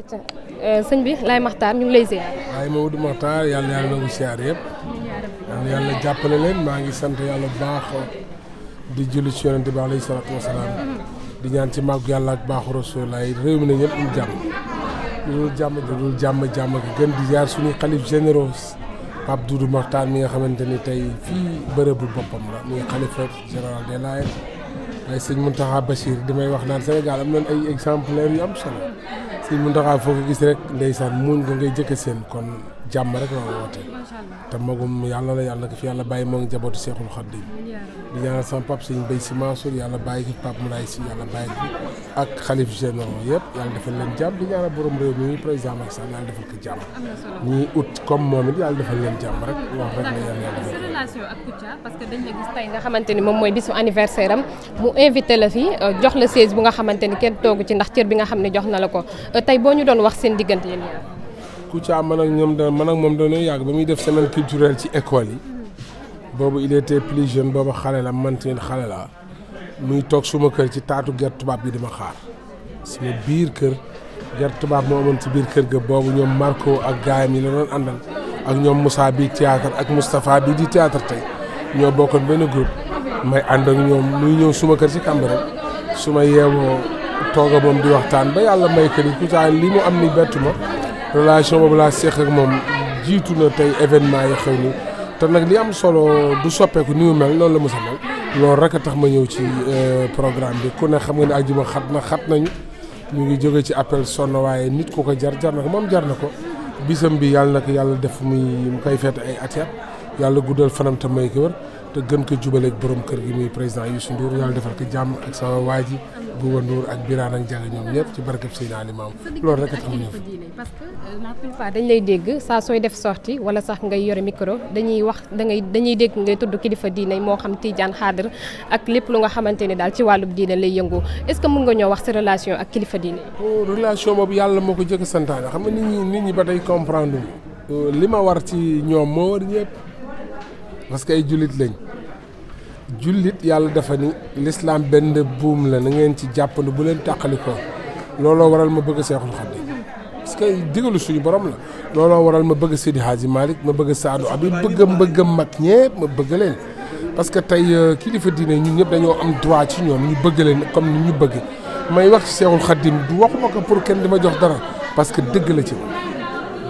acca euh, sëñ bi Laye Makhtar ñu ngi lay ziar. yàlla yàlla nangu ziar yëpp. yàlla yàlla jàppale leen maa ngi sant yàlla bu baax di julli ci yonente bi alayhi salaatu wa salaam di ñaan ci màgg yàlla ak baaxu rasulaay réew mi na ñëpp ñu jàmm. ñu jàmm dul jàmm jàmm gi gën di ziar suñuy xalif généraux Pape Doudou Makhtar mi nga xamante ni tey fii bërëbu boppam la muy xalifa général des Layènes waaye sëñ Mountakha Bachir damay wax naan Sénégal am nañ ay exemplaires yu am solo. sëñ Muntaxa foo ko gis rek ndeysaan muñ ko ngay jëkk seen kon jàmm rek la woote te magum yàlla na yàlla ko fi yàlla bàyyi moo jabootu Seexul Xaddim di ñaanal sama pap sëñ Bay Si Mansour yàlla bàyyi ko pap mu laay si yàlla bàyyi ko ak xalif généraux yëpp yàlla defal leen jàmm di ñaanal borom réew mi président Macky Sall yàlla defal ko jàmm. ñuy ut comme moom it yàlla defal leen jàmm rek wax xamante ni moom mooy bisu anniversaire am mu invité la fi euh, jox la siège bu nga xamante ni kenn toogu ci ndax cër bi nga xam ne jox na la ko euh, tey boo ñu doon wax seen diggante yéen ñaar. Kouthia man ak ñoom da man ak moom dañoo yàgg ba muy def semaine culturelle ci école yi. Mm-hmm. boobu il était plus jeune boobu xale la man tamit xale la muy toog suma kër ci taatu gerte tubaab bi di ma xaar suma biir kër gerte tubaab moo amoon ci biir kër ga boobu ñoom marko ak gaayam yi la doon àndal ak ñoom Moussa bi théâtre ak Moustapha bi di théâtre tey ñoo bokkoon benn group may ànd ak ñoom muy ñëw suma kër ci Cambérène su ma yeewoo tooga moom di waxtaan ba yàlla may kër yi Kouthia li mu am ni bettu ma relation boobu laa seq ak moom jiitu na tey événement yi xew ni te nag li am solo du soppeeku ni mu mel noonu la mos loolu rek a tax ma ñëw ci euh, programme bi ku ne xam nga ne àjjuma xat na xat nañu ñu ngi jóge ci appel sonn waaye nit ku ko jar jar na ko moom jar na ko bisam bi yàlla na ko yàlla def muy mu koy feet ay at yàlla guddal fanam te may ko wër te gën ko jubaleeg borom kër gi muy président Youssou Ndour yàlla defal ko jàmm ak sa waa ji Bouba Ndour ak Birane ak Ndiaga ñoom ñëpp ci barkeb Seydina Limaamu loolu rek a tax mu ñëw parce que euh, dañ lay dégg saa sooy def sortie wala sax ngay yore micro dañuy wax dangay ngay dañuy dégg ngay tudd kilifa diine moo xam tijaan xaadar ak lépp lu nga xamante ne daal ci wàllu diine lay yëngoo est-ce que mën nga ñoo wax sa relation ak kilifa diine oh, relation boobu yàlla moo ko jëkk santaane xam nga nit ñi nit ñi ba tey comprendre euh, li ma war ci ñoom moo war ñëpp parce que ay jullit jullit yàlla dafa ni lislaam benn buum la na ngeen ci jàppandi bu leen tàqalikoo looloo waral ma bëgg Seexul Xadiim parce que digalu suñu borom la looloo waral ma bëgg Seydi Hadji Malick ma bëgg Saadu Abi bëgg bëgg mag ñëpp ma bëgg leen parce que tey euh, kilifa diine ñun ñëpp dañoo am droit ci ñoom ñu bëgg leen comme ni ñu bëgg may wax ci Seexul Xadiim du waxuma ko pour kenn di ma jox dara parce que dëgg la ci man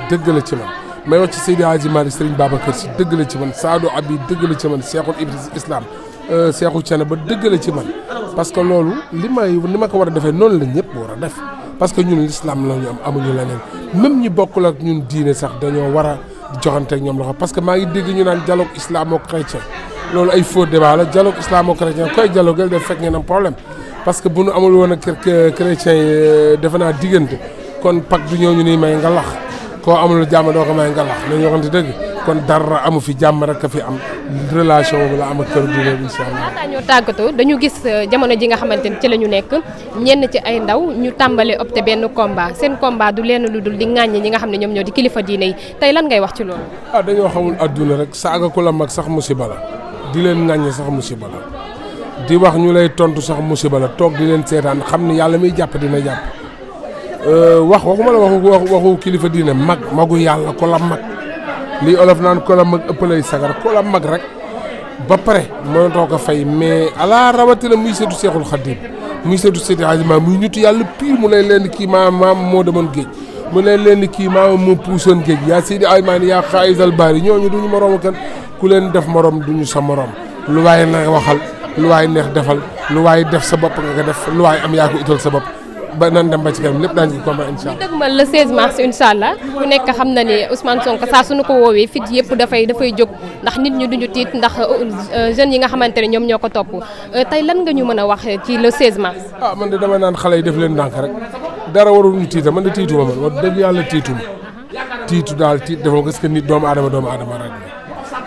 dëgg la ci man may wax ci Seydi Hadji Malick Serigne Babacar Sy dëgg la ci man Sadou Abi dëgg la ci man Cheikhul Ibris Islam euh, Cheikhul Thiéna ba dëgg la ci man parce que loolu li may ni ma ko war a defee noonu la ñëpp war a def parce que ñun l'islam la ñu am amuñu leneen même ñi bokkul ak ñun diine sax dañoo war a joxante ak ñoom loxo parce que maa ngi dégg ñu naan dialogue islamo-chrétien loolu ay faux débat la dialogue islamo-chrétien koy dialogue def fekk ngeen am problème parce que bu nu amul woon ak chrétien yi euh, defe naa diggante kon pacte du ñoo ñu ni may nga lax koo amul jàmm doo ko may ngalax nañu waxante dëgg kon dara amu fi jàmm rek a fi am relation boobu la am ak kër ñoo tàggatoo dañu gis euh, jamono ji nga xamante ni ci la ñu nekk ñenn ci ay ndaw ñu tàmbalee opté benn combat seen combat du leen lu dul di ŋàññi ñi nga xam ne ñoom ñoo di kilifa diine yi tey lan ngay wax ci loolu. ah dañoo xamul adduna rek saaga ku la mag sax musiba la di leen ŋàññi sax musiba la di wax ñu lay tontu sax musiba la toog di seetaan xam ne yàlla muy jàpp dina jàpp. Euh, wax waxuma la waxu waxu kilifa diine mag magu yàlla ko la mag lii olof naan ko la mag ëppalay sagar ko la mag rek ba pare mënatoo ko fay mais ala rawatina muy seetu seexul xadim muy seetu seeti ajiment muy ñutu yàlla pire mu lay leen kii maam maam moo demoon géej mu lay leen kii maam moo puusoon géej yaa Seydi Aymaan yaa xaayisal baari ñooñu duñu moroomu kenn ku leen def moroom duñu sa moroom lu waaye na waxal lu waaye neex defal lu waay def sa bopp nga ko def lu waay am yaa ko utal sa bopp ba nan dem ba ci kanam lépp daañu ci combat incha ku nekk xam na ne Ousmane Sonko saa suñu ko woowee fit yëpp dafay dafay jóg ndax nit ñi duñu tiit ndax euh, euh, jeunes yi nga xamante ne ñoom ñoo ko topp euh, tey lan nga ñu mën a wax ci le 16 mars. ah man de dama naan xale yi def leen ndànk rek dara warul ñu tiita man de tiituma man wax dëgg yàlla tiituma tiitu daal tiit defal ko est-ce que nit doomu aadama doomu aadama rek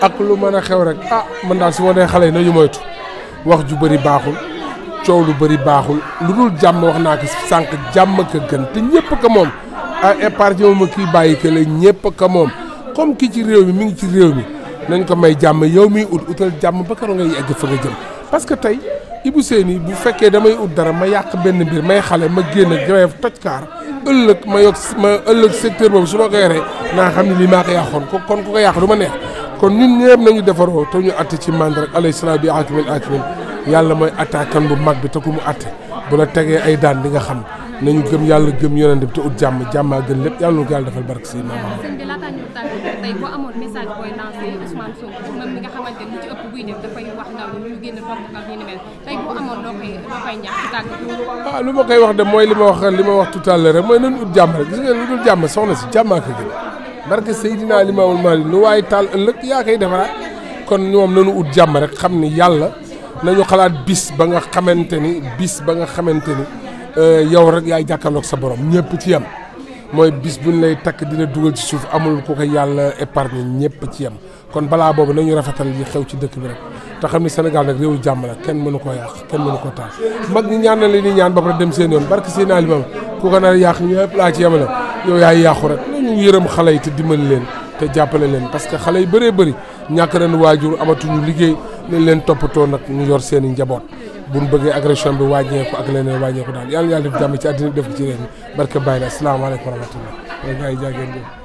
ak lu mën a xew rek ah man daal su ma nee xale yi nañu moytu wax ju bëri baaxul coow lu bëri baaxul lu dul jàmm wax naa ko sànq jàmm ka gën te ñëpp ka moom a ah, épargne wu ma kii bàyyi ke la ñëpp ka moom comme kii ci réew mi mi ngi ci réew mi nañ ko may jàmm yow miy ut utal jàmm ba keroog ngay egg fa nga jëm parce que tey Ibou Seyni bu fekkee damay ut dara ma yàq benn mbir may xale ma génn damay toj kaar ëllëg ma yokk ma ëllëg secteur boobu su ma ko yoree naa xam ne lii maa ko yàqoon ko kon ku ko yàq du ma neex kon ñun ñëpp nañu defaroo te ñu àtte ci màndarga alayhi salaam bi yàlla mooy attaquant bu mag bi te mu atte bu la tegee ay daan di nga xam nañu gëm yàlla gëm yonent bi te ut jàmm jàmmaa lépp yàlla na dafay wax ndaw ah, lu ma koy wax de mooy li ma wax li ma wax tout à rek mooy nañu ut jàmm rek gis nga lu dul jàmm soxna si jàmmaa ko gën barke Seydina Limaamul ma lu waaye taal ëllëg yaa koy defaraat kon ñoom nañu ut jàmm rek xam ni yàlla nañu xalaat bis ba nga xamante ni bis ba nga xamante ni euh, yow rek yaay jàkkaarloog sa borom ñëpp ci yem mooy bis buñ lay takk dina dugal ci suuf amul ku ko yàlla épargne ñëpp ci yem kon balaa boobu nañu rafetal yi xew ci dëkk bi rek te xam ni Sénégal nag réewu jàmm la kenn mënu ko yàq kenn mënu ko taal mag ñi ñaan na li ñaan ba pare dem seen yoon barke seen alimam ku ko nar yàq ñëpp laa ci yemale yaay yàqu rek nañu yërëm xale yi te dimbali leen te jàppale leen parce que xale yi bëree bëri ñàkk nañu waajur amatuñu liggéey nañ leen toppatoo nag ñu yor seen njaboot bu ñu bëggee agression bi wàññeeku ak leneen wàññeeku daal yàlla na yàlla def jàmm ci àddina def ci réew mi barke bàyyi la asalaamaaleykum wa rahmatullah.